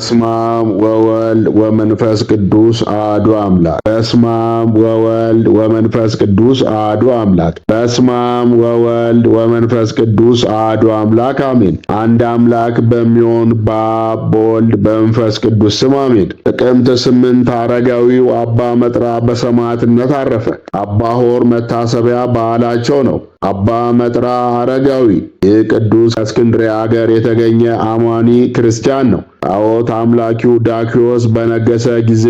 በስማም ወወልድ ወመንፈስ ቅዱስ አሐዱ አምላክ። በስማም ወወልድ ወመንፈስ ቅዱስ አሐዱ አምላክ። በስማም ወወልድ ወመንፈስ ቅዱስ አሐዱ አምላክ በስማም ወወልድ ወመንፈስ ቅዱስ አዶ አምላክ በስማም ወወልድ ወመንፈስ ቅዱስ አዶ አምላክ አሜን አንድ አምላክ በሚሆን በአብ በወልድ በመንፈስ ቅዱስ ስም አሜን። ጥቅምት ስምንት አረጋዊው አባ መጥራ በሰማዕትነት አረፈ። አባ ሆር መታሰቢያ በዓላቸው ነው። አባ መጥራ አረጋዊ ይህ ቅዱስ ከእስክንድርያ አገር የተገኘ አማኒ ክርስቲያን ነው። ጣዖት አምላኪው ዳኪዎስ በነገሰ ጊዜ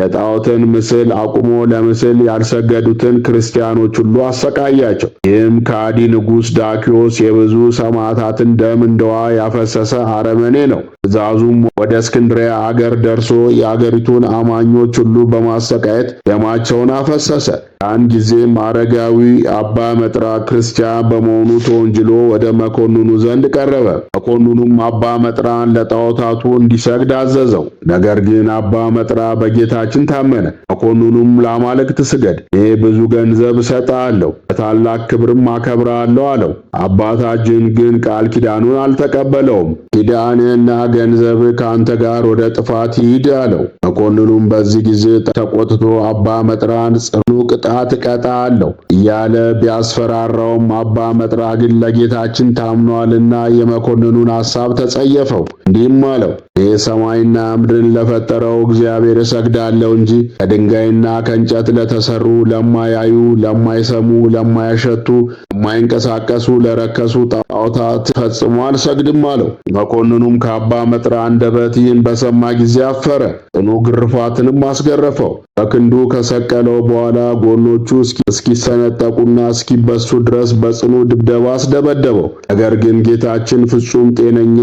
የጣዖትን ምስል አቁሞ ለምስል ያልሰገዱትን ክርስቲያኖች ሁሉ አሰቃያቸው። ይህም ከአዲ ንጉሥ ዳኪዎስ የብዙ ሰማዕታትን ደም እንደዋ ያፈሰሰ አረመኔ ነው። ትእዛዙም ወደ እስክንድሪያ አገር ደርሶ የአገሪቱን አማኞች ሁሉ በማሰቃየት ደማቸውን አፈሰሰ። አንድ ጊዜም አረጋዊ አባ መጥራ ክርስቲያን በመሆኑ ተወንጅሎ ወደ መኮንኑ ዘንድ ቀረበ። መኮንኑም አባ መጥራን ለጣዖታቱ እንዲሰግድ አዘዘው። ነገር ግን አባ መጥራ በጌታ ጌታችን ታመነ። መኮንኑም ለአማልክት ስገድ፣ እኔ ብዙ ገንዘብ እሰጥሃለሁ፣ በታላቅ ክብርም አከብርሃለሁ አለው። አባታችን ግን ቃል ኪዳኑን አልተቀበለውም። ኪዳንህና ገንዘብ ከአንተ ጋር ወደ ጥፋት ይሂድ አለው። መኮንኑም በዚህ ጊዜ ተቆጥቶ አባ መጥራን ጽኑ ቅጣት እቀጣለሁ እያለ ቢያስፈራራውም አባ መጥራ ግን ለጌታችን ታምኗልና የመኮንኑን ሐሳብ ተጸየፈው። እንዲህም አለው እኔ ሰማይና ምድርን ለፈጠረው እግዚአብሔር እሰግዳለሁ እንጂ ከድንጋይና ከእንጨት ለተሰሩ ለማያዩ፣ ለማይሰሙ፣ ለማያሸቱ፣ ለማይንቀሳቀሱ ለረከሱ ጣዖታት ፈጽሞ አልሰግድም አለው። መኮንኑም ከአባ መጥራ አንደበት ይህን በሰማ ጊዜ አፈረ። ጽኑ ግርፋትንም አስገረፈው። በክንዱ ከሰቀለው በኋላ ጎኖቹ እስኪሰነጠቁና እስኪበሱ ድረስ በጽኑ ድብደባ አስደበደበው። ነገር ግን ጌታችን ፍጹም ጤነኛ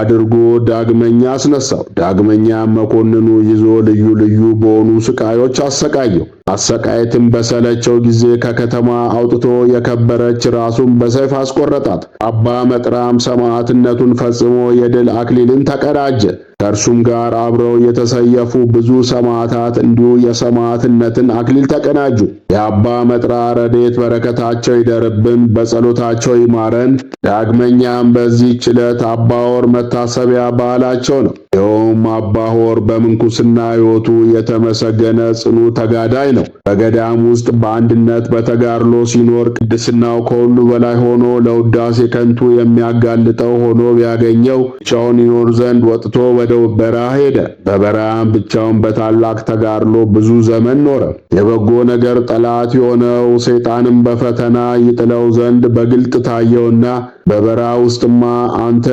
አድርጎ ዳግመኛ አስነሳው። ዳግመኛ መኮንኑ ይዞ ልዩ ልዩ በሆኑ ስቃይ አማኞች አሰቃየው። አሰቃየትን በሰለቸው ጊዜ ከከተማ አውጥቶ የከበረች ራሱን በሰይፍ አስቆረጣት። አባ መጥራም ሰማዕትነቱን ፈጽሞ የድል አክሊልን ተቀዳጀ። ከእርሱም ጋር አብረው የተሰየፉ ብዙ ሰማዕታት እንዲሁ የሰማዕትነትን አክሊል ተቀናጁ። የአባ መጥራ ረዴት በረከታቸው ይደርብን፣ በጸሎታቸው ይማረን። ዳግመኛም በዚህች ዕለት አባ ሆር መታሰቢያ በዓላቸው ነው። ይኸውም አባ ሆር በምንኩስና ሕይወቱ የተመሰገነ ጽኑ ተጋዳይ ነው። በገዳም ውስጥ በአንድነት በተጋድሎ ሲኖር ቅድስናው ከሁሉ በላይ ሆኖ ለውዳሴ ከንቱ የሚያጋልጠው ሆኖ ቢያገኘው ብቻውን ይኖር ዘንድ ወጥቶ ወደ በረሃ ሄደ። በበረሃም ብቻውን በታላቅ ተጋድሎ ብዙ ዘመን ኖረ። የበጎ ነገር ጠላት የሆነው ሰይጣንም በፈተና ይጥለው ዘንድ በግልጥ ታየውና በበረሃ ውስጥማ አንተ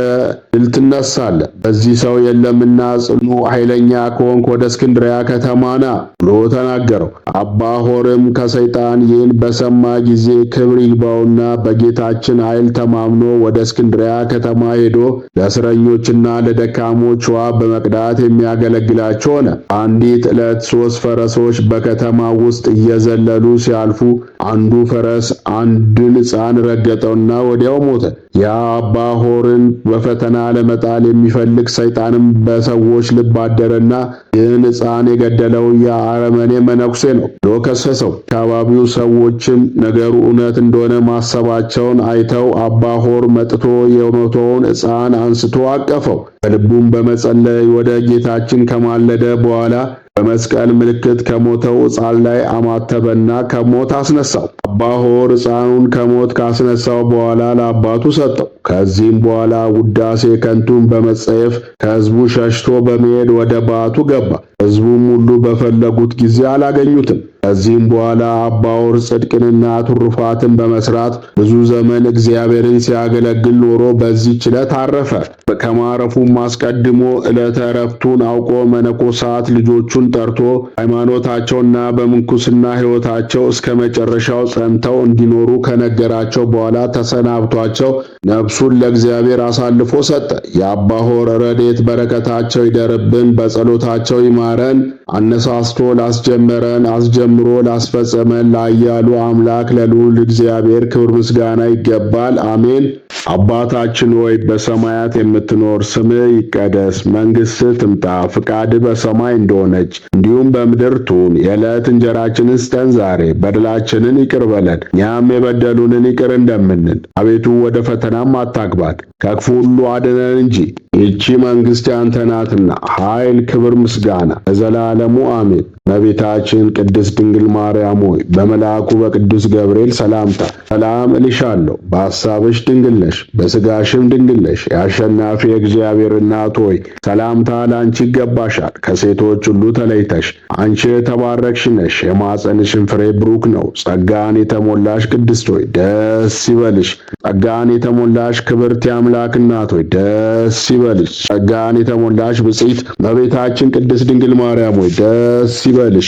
ድል ትነሳለህ፣ በዚህ ሰው የለምና ጽኑ ኃይለኛ ከሆንክ ወደ እስክንድሪያ ከተማና ብሎ ተናገረው። አባ ሆርም ከሰይጣን ይህን በሰማ ጊዜ ክብር ይግባውና በጌታችን ኃይል ተማምኖ ወደ እስክንድሪያ ከተማ ሄዶ ለእስረኞችና ለደካሞች ውሃ በመቅዳት የሚያገለግላቸው ሆነ። አንዲት ዕለት ሦስት ፈረሶች በከተማ ውስጥ እየዘለሉ ሲያልፉ አንዱ ፈረስ አንድን ሕፃን ረገጠውና ወዲያው ሞተ። ያ አባ ሆርን በፈተና ለመጣል የሚፈልግ ሰይጣንም በሰዎች ልብ አደረና ይህን ሕፃን የገደለው የአረመኔ መነኩሴ ነው ብሎ ከሰሰው። አካባቢው ሰዎችም ነገሩ እውነት እንደሆነ ማሰባቸውን አይተው አባ ሆር መጥቶ የሞተውን ሕፃን አንስቶ አቀፈው። በልቡም በመጸለይ ወደ ጌታችን ከማለደ በኋላ በመስቀል ምልክት ከሞተው ሕፃን ላይ አማተበና ከሞት አስነሳው። አባ ሆር ሕፃኑን ከሞት ካስነሳው በኋላ ለአባቱ ሰጠው። ከዚህም በኋላ ውዳሴ ከንቱን በመጸየፍ ከሕዝቡ ሸሽቶ በመሄድ ወደ ባቱ ገባ። ሕዝቡም ሁሉ በፈለጉት ጊዜ አላገኙትም። ከዚህም በኋላ አባወር ጽድቅንና ትሩፋትን በመስራት ብዙ ዘመን እግዚአብሔርን ሲያገለግል ኖሮ በዚህ ዕለት አረፈ። ከማረፉም አስቀድሞ ዕለተ ዕረፍቱን አውቆ መነኮሳት ልጆቹን ጠርቶ ሃይማኖታቸውና በምንኩስና ሕይወታቸው እስከ መጨረሻው ጸንተው እንዲኖሩ ከነገራቸው በኋላ ተሰናብቷቸው ነፍሱን ለእግዚአብሔር አሳልፎ ሰጠ። የአባሆር ረዴት በረከታቸው ይደርብን፣ በጸሎታቸው ይማረን። አነሳስቶ ላስጀመረን አስጀ ጀምሮ ላስፈጸመን ላያሉ አምላክ ለልዑል እግዚአብሔር ክብር ምስጋና ይገባል፣ አሜን። አባታችን ሆይ በሰማያት የምትኖር፣ ስምህ ይቀደስ፣ መንግሥትህ ትምጣ፣ ፍቃድህ በሰማይ እንደሆነች እንዲሁም በምድር ትሁን። የዕለት እንጀራችንን ስጠን ዛሬ፣ በደላችንን ይቅር በለን እኛም የበደሉንን ይቅር እንደምንል፣ አቤቱ ወደ ፈተናም አታግባት ከክፉ ሁሉ አድነን እንጂ ይቺ መንግሥት ያንተ ናትና፣ ኃይል፣ ክብር፣ ምስጋና ለዘላለሙ አሜን። እመቤታችን ቅድስት ድንግል ማርያም ሆይ በመልአኩ በቅዱስ ገብርኤል ሰላምታ ሰላም እልሻለሁ። በሐሳብሽ ድንግል ነሽ፣ በሥጋሽም ድንግል ነሽ። የአሸናፊ የእግዚአብሔር እናት ሆይ ሰላምታ ለአንቺ ይገባሻል። ከሴቶች ሁሉ ተለይተሽ አንቺ የተባረክሽ ነሽ፣ የማፀንሽን ፍሬ ብሩክ ነው። ጸጋን የተሞላሽ ቅድስት ሆይ ደስ ይበልሽ። ጸጋን የተሞላሽ ክብርት የአምላክ እናት ሆይ ደስ ይበልሽ። ጸጋን የተሞላሽ ብጽሕት እመቤታችን ቅድስት ድንግል ማርያም ሆይ ደስ ይበልሽ። ይበልሽ።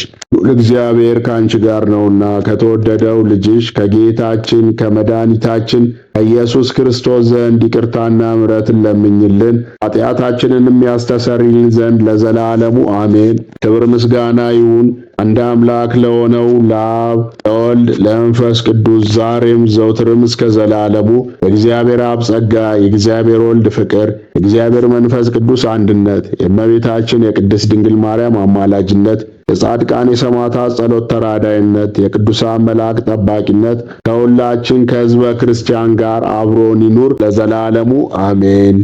እግዚአብሔር ከአንቺ ጋር ነውና ከተወደደው ልጅሽ ከጌታችን ከመድኃኒታችን ከኢየሱስ ክርስቶስ ዘንድ ይቅርታና ምሕረትን ለምኝልን ኃጢአታችንን የሚያስተሰርይልን ዘንድ ለዘላለሙ አሜን። ክብር ምስጋና ይሁን አንድ አምላክ ለሆነው ለአብ ለወልድ ለመንፈስ ቅዱስ ዛሬም ዘውትርም እስከ ዘላለሙ የእግዚአብሔር አብ ጸጋ፣ የእግዚአብሔር ወልድ ፍቅር፣ የእግዚአብሔር መንፈስ ቅዱስ አንድነት፣ የእመቤታችን የቅድስት ድንግል ማርያም አማላጅነት የጻድቃን የሰማዕታት ጸሎት ተራዳይነት የቅዱሳን መላእክት ጠባቂነት ከሁላችን ከሕዝበ ክርስቲያን ጋር አብሮን ይኑር ለዘላለሙ አሜን።